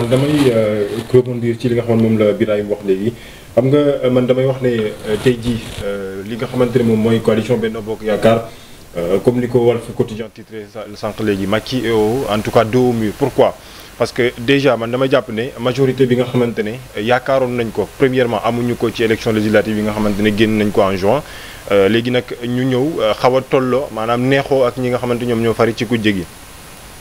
man damay euh, rebondir ci li nga xam ne moom la Birahim wax léegi xam nga euh, man damay wax ne euh, tey jii li nga xamante ne moom mooy coalition benn Bokk Yaakaar comme ni ko Walf Quotidien titré sànq léegi Macky en tout cas deux au mur pourquoi parce que déjà man damay jàpp ne majorité bi nga xamante ne yaakaaroon nañ ko premièrement amuñu ko ci élection législative yi nga xamante ne génn nañ ko en juin léegi nag ñu ñëw xaw a tolloo maanaam neexoo ak ñi nga xamante ñoom ñoo fari ci kujje gi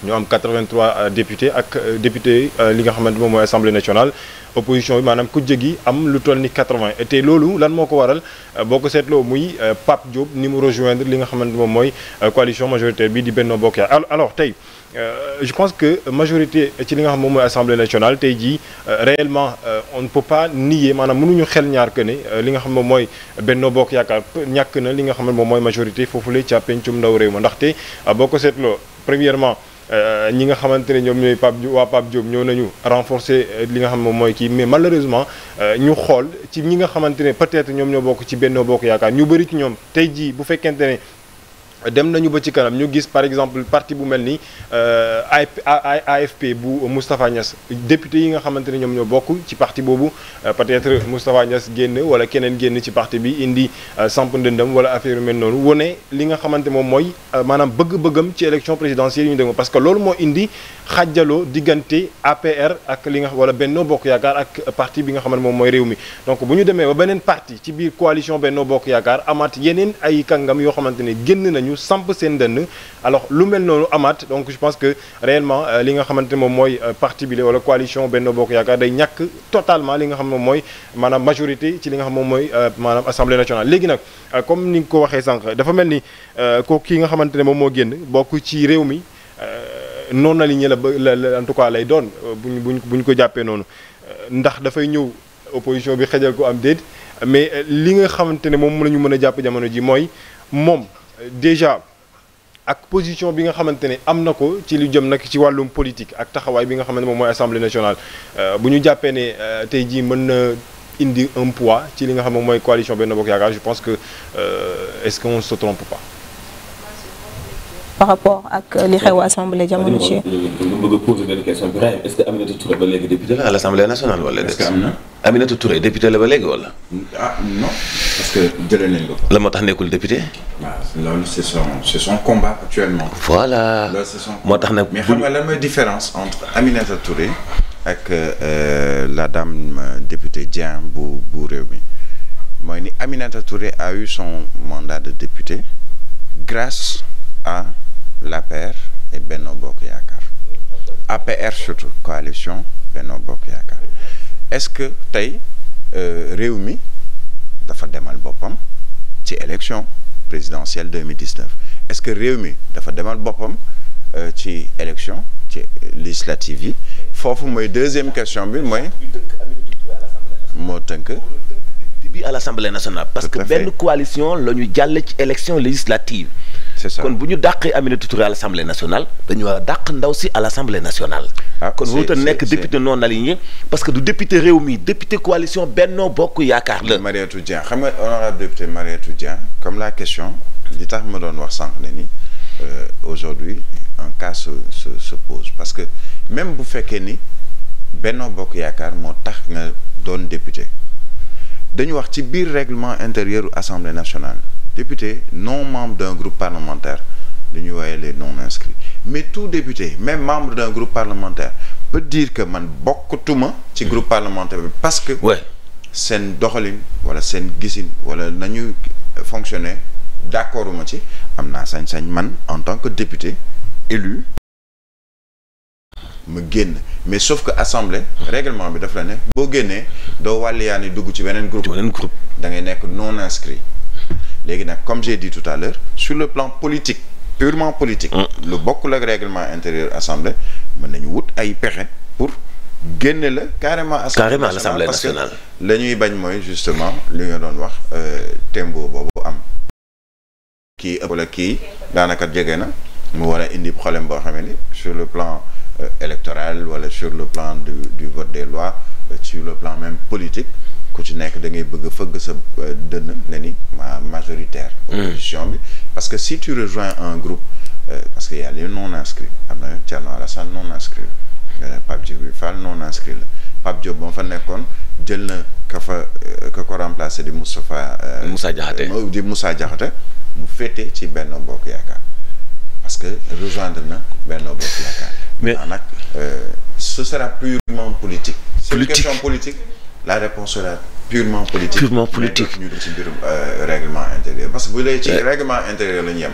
ñu am député euh, députés ak euh, député euh, li nga xamante moom mooy assemblée nationale opposition bi maanaam ku jegi am lu toll ni 80 te loolu lan moo ko waral boo ko seetloo muy pap Diop ni mu rejoindre li nga xamante moom mooy coalition majoritaire bi di Benno Bokk Yaakaar alors tey je pense que majorité ci li nga xam moom mooy assemblée nationale tey jii réellement on ne peut pas nier maanaam mënuñu xel ñaar que ne li nga xam moom mooy Benno Bokk Yaakaar ñàkk na li nga xam moom mooy majorité foofule ca pencum ndaw réew ma ndaxte boo ko seetloo premièrement. Euh, ñi nga xamante ne ñoom ñooy Pape waa Pape Diop ñëw nañu renforcer euh, li nga xam moom mooy kii mais malheureusement euh, ñu xool ci ñi nga xamante ne peut-être ñoom ñoo bokk ci Benno Bokk Yaakaar ñu bëri ci ñoom tey jii bu fekkente ne dem nañu ba ci kanam ñu gis par exemple parti bu mel ni euh, AFP bu Moustapha Niass député yi nga xamante ne ñoom ñoo bokk ci parti boobu euh, peut-être Moustapha Niass génn wala keneen génn ci parti bi indi euh, samp ndëndam wala affaire yu mel noonu wone li nga xamante moom mooy maanaam bëgg-bëggam ci élection présidentielle yi ñu dégg parce que loolu moo indi xàjjaloo diggante APR ak li nga wala Benno Bokk Yaakaar ak parti bi nga xamante moom mooy réew mi donc bu ñu demee ba beneen parti ci biir coalition Benno Bokk Yaakaar amaat yeneen ay kàngam yoo xamante ne génn nañu ñu samp seen dënn alors lu mel noonu amaat donc je pense que réellement euh, li nga xamante moom mooy euh, parti bi wala coalition Benno Bokk Yaakaar day ñàkk totalement li nga xam ne moom mooy maanaam majorité ci li nga xam moom mooy euh, maanaam assemblée nationale léegi nag comme ni nga ko waxee sànq dafa mel ni ko kii nga xamante ne moom moo génn bokk ci réew mi noonu la li la ba la en tout cas lay doon buñ buñ buñ ko jàppee noonu ndax dafay ñëw opposition bi xejal ko am déet mais li nga xamante ne moom la ñu mën a jàpp jamono ji mooy moom déjà ak position bi nga xamante ne am na ko ci lu jëm nag ci wàllum politique ak taxawaay bi nga xamante moom mooy assemblée nationale euh, bu ñu jàppee ne euh, tey jii mën na indi un poids ci li nga xam moom mooy coalition Benno Bokk Yaakaar je pense que euh, est-ce qu'on se trompe pas par rapport ak euh, li xew assemblée jamono ci. ñu a poser benn question bi Birahim est-ce que Aminata Touré ba léegi député la na Aminata Touré député la ba léegi wala. Ah, parce que jëlee nañ la moo tax nekkul député. waaw loolu c'est son combat actuellement. voilà loolu c'est moo tax nag. mais xam nga lan mooy différence entre ak euh, euh, la dame député Dieng bu bu réew mi mooy ni Aminata Touré a eu son mandat de député grâce à. l'APR et Benno Bokk Yaakaar APR surtout coalition Benno Bokk Yaakaar est-ce que tey réew mi dafa demal boppam ci élection présidentielle 2019 est-ce que réew mi dafa demal boppam ci élection ci législative yi foofu mooy deuxième question bi mooy moo tënk bi à l'Assemblée nationale parce que benn coalition la ñu jàll ci élection législative c'est ça bu ñu dàqee Aminata Touré à l' dañu war a dàq ndaw si à l' assemblée nationale. Ah, kon wuute nekk député non aligné parce que du député réew mi député coalition Bokk Yaakaar la. Mariétou Dieng xam nga honorable député Mariétou comme la question li tax ma doon wax sànq ne ni euh, aujourd'hui un cas se se se pose parce que même bu fekkee ni Benno Bokk Yaakaar moo tax nga doon député dañu wax ci biir réglement intérieur assemblée nationale. député non membre d'un groupe parlementaire lu ñuy woowee les non inscrits mais tout député même membre d'un groupe parlementaire peut dire que man bokkatuma ci groupe parlementaire bi parce que ouais. seen doxalin wala seen gisin wala nañu fonctionner d'accord ma ci am naa sañ-sañ man en tant que député élu ma génn mais sauf que assemblée règlement bi daf la nekk boo génnee doo wàlliyaani dugg ci beneen groupe beneen da ngay nekk non inscrit léegi nag comme j'ai dit tout à l'heure sur le plan politique purement politique ah. lu bokkul ak réglement intérieur assemblée mën nañu wut ay pexe pour génne la carrément carrément assemblée nationale parce la ñuy bañ mooy justement li nga doon wax euh, tembo boobu am kii ëpp la kii daanaka jege na mu war a indi problème boo xam ni sur le plan euh, électoral wala sur le plan du du vote des lois euh, sur le plan même politique ku ci nekk da ngay bëgg fëgg sa euh, dënn ne ni majoritaire mm. opposition bi parce que si tu rejoins un group euh, parce que y a les non inscrits am na Thierno Alassane non inscrit euh, la Pape Djibril non inscrit la Pape ba mu fa nekkoon jël na ka fa ka ko remplacé di Moustapha Moussa Diakhaté di Moussa Diakhaté mu féete ci Benno Bokk Yaakaar parce que rejoindre na Benno Bokk Yaakaar mais nag ce sera purement politique c'est une question politique la réponse sera purement politique purement politique ñu ci mbirum règlement parce que bu dee ci règlement intérieur la ñu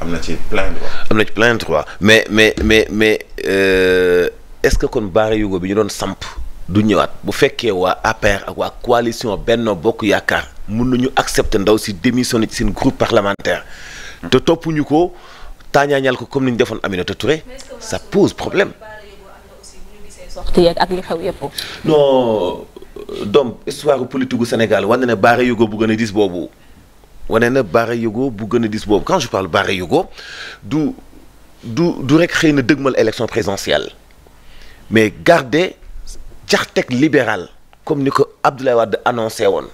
am na ci plein droit. am na ci plein droit mais mais mais mais euh, est-ce que kon Baara Yugo bi ñu doon samp du ñëwaat bu fekkee waa APR ak waa coalition Benno Bokk Yaakaar mun nañu accepter ndaw si démissionné ci seen groupe parlementaire. te toppuñu ko taañaañal ko comme ni ñu defoon Aminata Touré. sa pose problème. doom histoire politique gu Sénégal wane na Baara Yogo bu gën a boobu wane na Baara Yogo bu gën a dis boobu quand je parle Baara Yogo du du du rek xëy na dëgmal élection présidentielle mais garder jaxteg libéral comme ni ko Abdoulaye wadd annoncé woon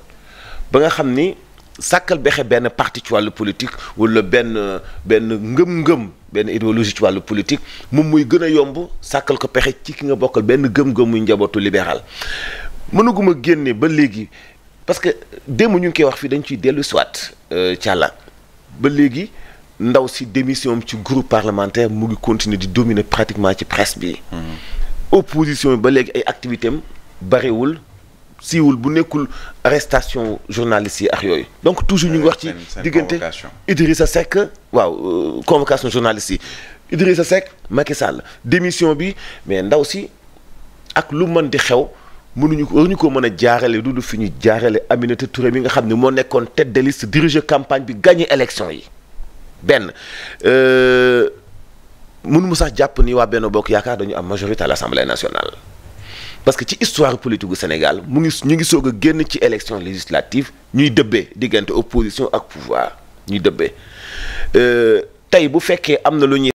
ba nga xam ni sàkkal bexe benn parti ci wàll politique wala benn benn ngëm-ngëm benn idéologie ci wàllu politique moom muy gën a yomb sàkkal ko pexe ci ki nga bokkal benn gëm-gëm njabootu libéral mënaguma génne ba léegi parce que démb ñu ngi koy wax fii dañ ciy dellu soit càlla euh, ba léegi ndaw si démission ci groupe parlementaire mu ngi continuer di dominer pratiquement ci presse bi. Mm-hmm. opposition bi ba léegi ay activités am bariwul siiwul bu nekkul arrestation journalistes yi ak yooyu. donc toujours ñu ngi wax ci diggante Idrissa Seck waaw euh, convocation journalistes yi Idrissa Seck Macky Sall démission bi mais ndaw si ak lu mën di xew. mënuñu waruñu ko mën a jaarale du fi ñu jaarale Aminata Touré mi nga xam ne moo nekkoon tête de liste diriger campagne bi gagné élection yi benn euh, mënu mu sax jàpp ni waa benn bokk yaakaar dañu am majorité à l'Assemblée nationale parce que ci histoire politique gu Sénégal mu ngi ñu ngi soog a génn ci élection législative ñuy dëbbee diggante opposition ak pouvoir ñuy dëbbee euh, tey bu fekkee am na lu ñuy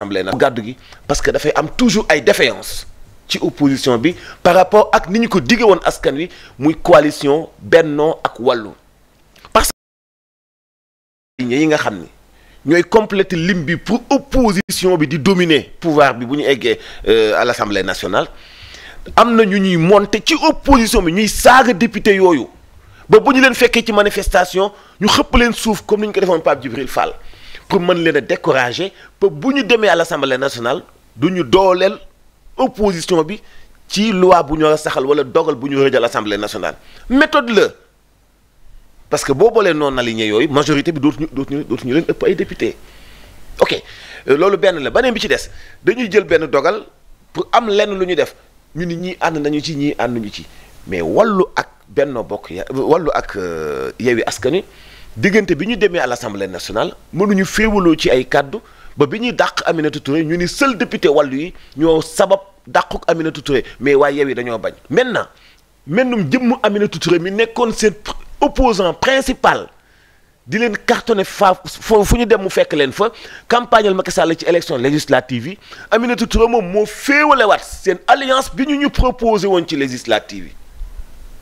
assemblée na gàddu gi parce que dafay am toujours ay défaillance ci opposition bi par rapport ak ni ñu ko digge woon askan wi muy coalition Bennoo ak Wàllu parce que yi nga xam ni ñooy compléter lim bi pour opposition bi di dominer pouvoir bi bu ñu eggee euh, à l'Assemblée nationale am na ñu ñuy monter ci opposition bi ñuy saaga député yooyu ba bu ñu leen fekkee ci manifestation ñu xëpp leen suuf comme ni ñu ko defoon Pape Djibril Fall pour mën leen a décourager ba bu ñu demee à l'Assemblée nationale du ñu dooleel opposition bi ci loi bu ñu saxal wala dogal bu ñu rëjal assemblée nationale méthode la parce que boo boolee li aligné yooyu majorité bi ñu dootuñu ñu leen ëpp ay député ok euh, loolu benn la beneen bi ci des dañuy jël benn dogal pour am lenn lu ñu def ñu ni ñii ànd nañu ci ñii ànduñu ci mais wallu ak Benno Bokk ya wallu ak euh, Yewwi Askan Wi diggante bi ñu demee à l'Assemblée nationale mënuñu féewaloo ci ay kàddu ba bi ñuy dàq Aminata Touré ñu ni seul député wàllu yi ñoo sabab dàquk Aminata Touré mais waaye yi dañoo bañ maintenant mennum jëmm Aminata Touré mi nekkoon seen opposant principal di leen cartonné fa fu ñu dem mu fekk leen fa campagne al Macky Sall ci élection législative yi Aminata Touré moom moo féewalewaat seen alliance bi ñu ñu proposé woon ci législative yi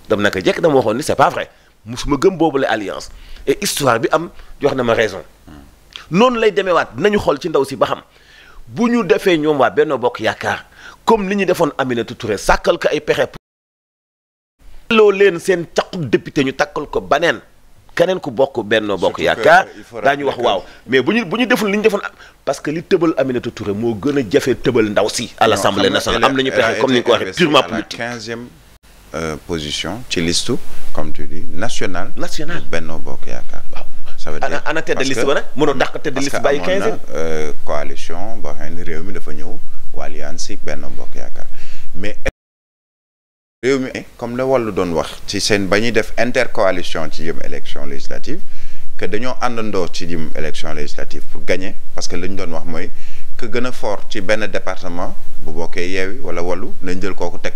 dam naka jekk dama waxoon ni c'est pas vrai musuma gëm boobu la alliance et histoire bi am jox na ma raison noonu lay demeewaat nañu xool ci ndaw si ba xam bu ñu defee ñoom waa Benno Bokk Yaakaar comme li ñu defoon Aminata Touré sàkkal ko ay pexe loo leen seen caqu député ñu takkal ko baneen keneen ku bokk Benno Bokk Yaakaar daañu wax waaw mais bu ñu bu ñu deful li ñu defoon parce que li tëbal Aminata Touré moo gën a jafe tëbal ndaw si à l'Assemblée nationale am ñu pexe comme ni nga ko waxee purement politique quinzième euh, position ci liste comme tu dis nationale Bokk Yaakaar sa veut dire ana tête de liste ba nag mënoo dàq tête de liste bàyyi quinze ans euh, coalition boo xam ne réew mi dafa ñëw alliance si benn mbokk yaakaar mais réew mi comme la wàllu doon wax ci seen ba ñuy def intercoalition ci jëm élection législative que dañoo àndandoo ci jëm élection législative pour gagner parce que li ñu doon wax mooy que gën a fort ci benn département bu bokkee yeewi wala wàllu lañ jël kooku teg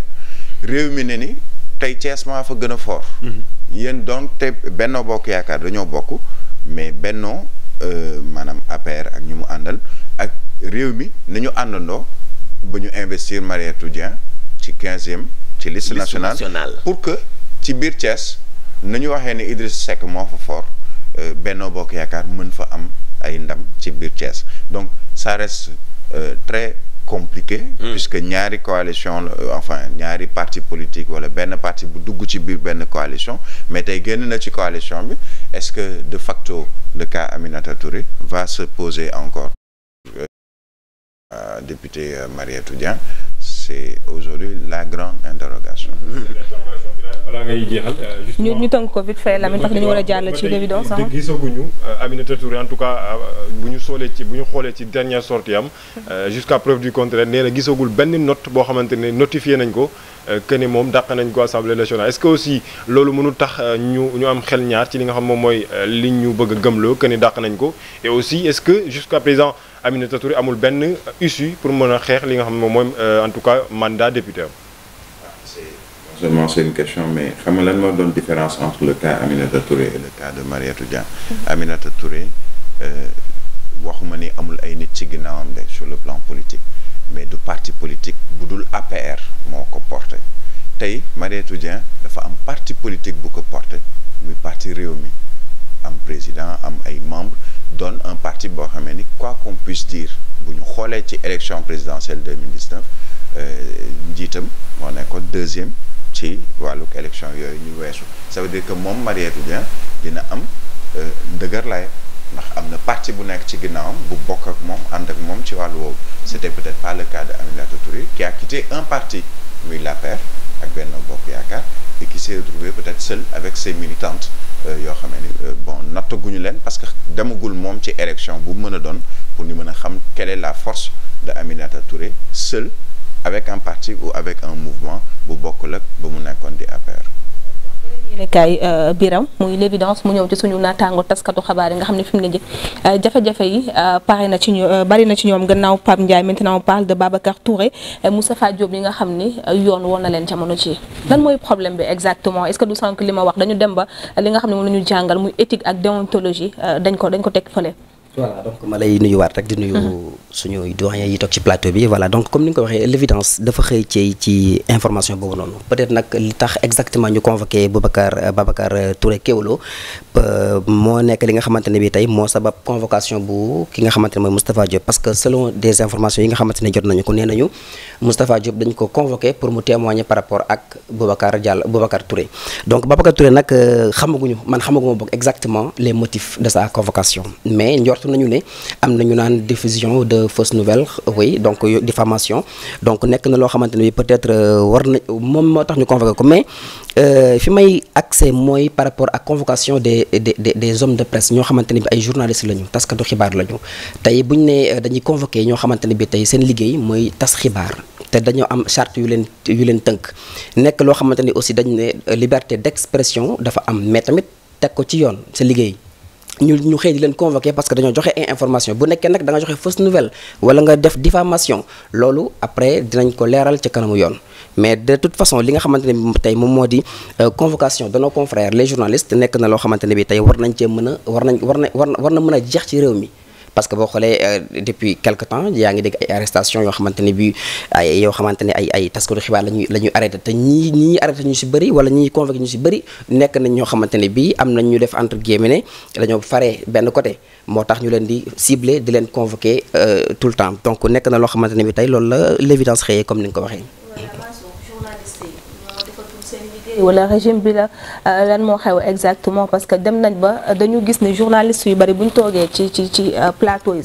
réew mi ne ni tey Thiès maa fa gën a fort. Mhm. yéen donc te Benno Bokk Yaakaar dañoo bokk mais Benno euh, maanaam APR ak ñu mu àndal ak réew mi nañu àndandoo ba ñu investir Mariétou dien ci quinzième ci liste nationale pour que ci biir Thiès nañu waxee ni Idriss Seck moo fa fort euh, Benno Bokk Yaakaar mën fa am ay ndam ci biir Thiès donc ça reste euh, compliqué mm. puisque ñaari coalition euh, enfin ñaari parti politique wala benn parti bu dugg ci biir benn coalition mais tey génn na ci coalition bi est-ce que de facto le cas Aminata Touré va se poser encore euh, euh député euh, Mariétou Dieng c'est aujourd'hui la grande interrogation mm. balaa ngay jeexal. Euh, ñu ñu tënk ko vite fait Lamine tax dañu war a jàll ci l'évidence euh, en tout cas euh, bu ñu soolee ci bu ñu xoolee ci dernière sortie am. jusqu'à preuve du contraire nee na gisagul benn note boo xamante ne notifié nañ ko que ne moom dàq nañ ko assemblée nationale est-ce que aussi loolu mënu tax ñu ñu am xel ñaar ci li nga xam moom mooy li ñu bëgg a gëmloo que ne dàq nañ ko et aussi est-ce que jusqu'à présent Aminata Touré amul benn issue pour mën a xeex li nga xam moom mooy en tout cas mandat député am seulement c'est une question mais xam nga lan moo doon différence entre le cas Aminata Touré et le cas de Mariétou Dia mm-hmm. Aminata Touré euh, waxuma ni amul ay nit ci ginaawam de sur le plan politique mais du parti politique bu dul APR moo ko porté tey Mariétou Dia dafa am parti politique bu ko porté muy parti réew mi am président am ay membres doon un parti boo xamee ni quoi qu'on puisse diir bu ñu xoolee ci élection présidentielle 2019 euh, njiitam moo nekkoon deuxième ci wàlluk élection yooyu ñu weesu ça veut dire que moom Marie Étudiant dina am euh, ndëgër laay ndax am na parti bu nekk ci ginnaawam bu bokk ak moom ànd ak moom ci wàllu woowu c'était peut-être pas le cas de Aminata Touré qui a quitté un parti muy l'APR ak benn Bokk Yaakaar et qui s'est retrouvé peut-être seul avec ses militantes euh, yoo xam ne euh, bon nattaguñu leen parce que demagul moom ci élection bu mën a doon pour ñu mën a xam quelle la force de Aminata Touré seul avec un parti ou avec un mouvement bu bokkul ak ba mu nekkoon di APR. Euh, muy l'évidence mu ñëw ci suñu naataango taskatu xabaar yi nga xam ne fi mu ne ji euh, jafe-jafe yi euh, pare na ci ñu bari na ci ñoom gannaaw Pape Ndiaye maintenant on parle de Babacar Touré Moustapha Diop yi nga xam ni yoon woon na leen jamono ci lan mooy problème bi exactement est-ce que du sànq li ma wax dañu dem ba li nga xam ne moom la ñu jàngal mu éthique ak déontologie dañ ko dañ ko teg fële. voilà donc ma lay suñuy doyen yi toog ci plateau bi voilà donc comme ni nga ko waxee l'évidence dafa xëy ci information boobu noonu peut-être nag li tax exactement ñu euh, xamante ne bi tey moo sabab convocation bu ki nga xamante ne mooy Moustapha Diop parce que selon des informations yi nga xamante ne jot nañu ko nee nañu Moustapha Diop dañ ko convoqué pour mu témoigner par rapport ak Boubacar Diallo Boubacar Touré donc Babacar Touré nag euh, xamaguñu man xamaguma boog exactement les motifs de sa convocation mais fausse nouvelle oui donc euh, diffamation donc nekk na loo xamante ne bi peut-être euh, war na moom moo tax ñu convoqué ko mais euh, fi may accès mooy par rapport ak convocation des des des hommes de presse ñoo xamante ne bi ay journalistes lañu taskatu xibaar lañu tey buñ nee dañuy convoqué ñoo xamante ne bi tey seen liggéey mooy tas xibaar te dañoo am charte yu leen yu leen tënk nekk loo xamante ni aussi dañ ne liberté d'expression dafa am mais tamit teg ko ci yoon sa liggéey ñu ñu xëy di leen convoqué parce que dañoo joxe information bu nekkee nag da nga joxe fausse nouvelle wala nga def diffamation loolu après dinañ ko leeral ci kanamu yoon mais de toute façon li nga xamante ne bi tey moom moo di euh, convocation de nos confrères les journalistes nekk na loo xamante ne bi tey war nañ cee mën a war nañ war na war na mën a jeex ci réew mi parce que boo xoolee euh, depuis quelque temps yaa ngi dégg ay arrestation yoo xamante ne bii ay yoo xamante ne ay ay taskatu xibaar la ñuy la ñuy arrêté te ñii ñii arrêté ñu si bëri wala ñi convoqué ñu si bëri nekk nañ ñoo xamante ne bii am nañ ñu def entre guillemets ne dañoo faree benn côté moo tax ñu leen di ciblé di leen convoqué euh, tout le temps donc nekk na loo xamante ne bi tey loolu la l'évidence xëyee comme ni nga ko waxee wala régime bi la euh, lan moo xew exactement parce que dem nañ ba dañu gis ne journaliste yu bari bu ñu toogee ci ci ci euh, plateau yi sax